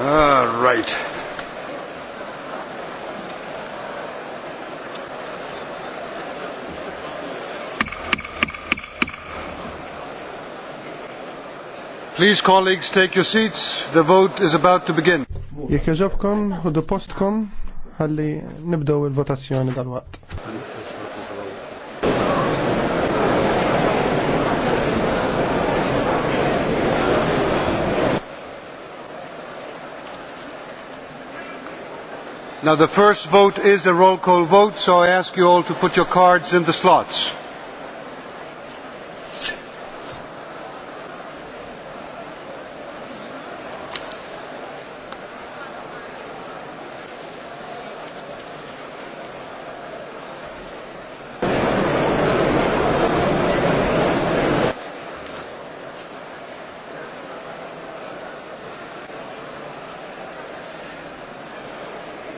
All ah, right. Please, colleagues, take your seats. The vote is about to begin. Jekk jaġobkom, u postkom, għalli nibdow il-votazzjoni dal wat Now the first vote is a roll call vote, so I ask you all to put your cards in the slots.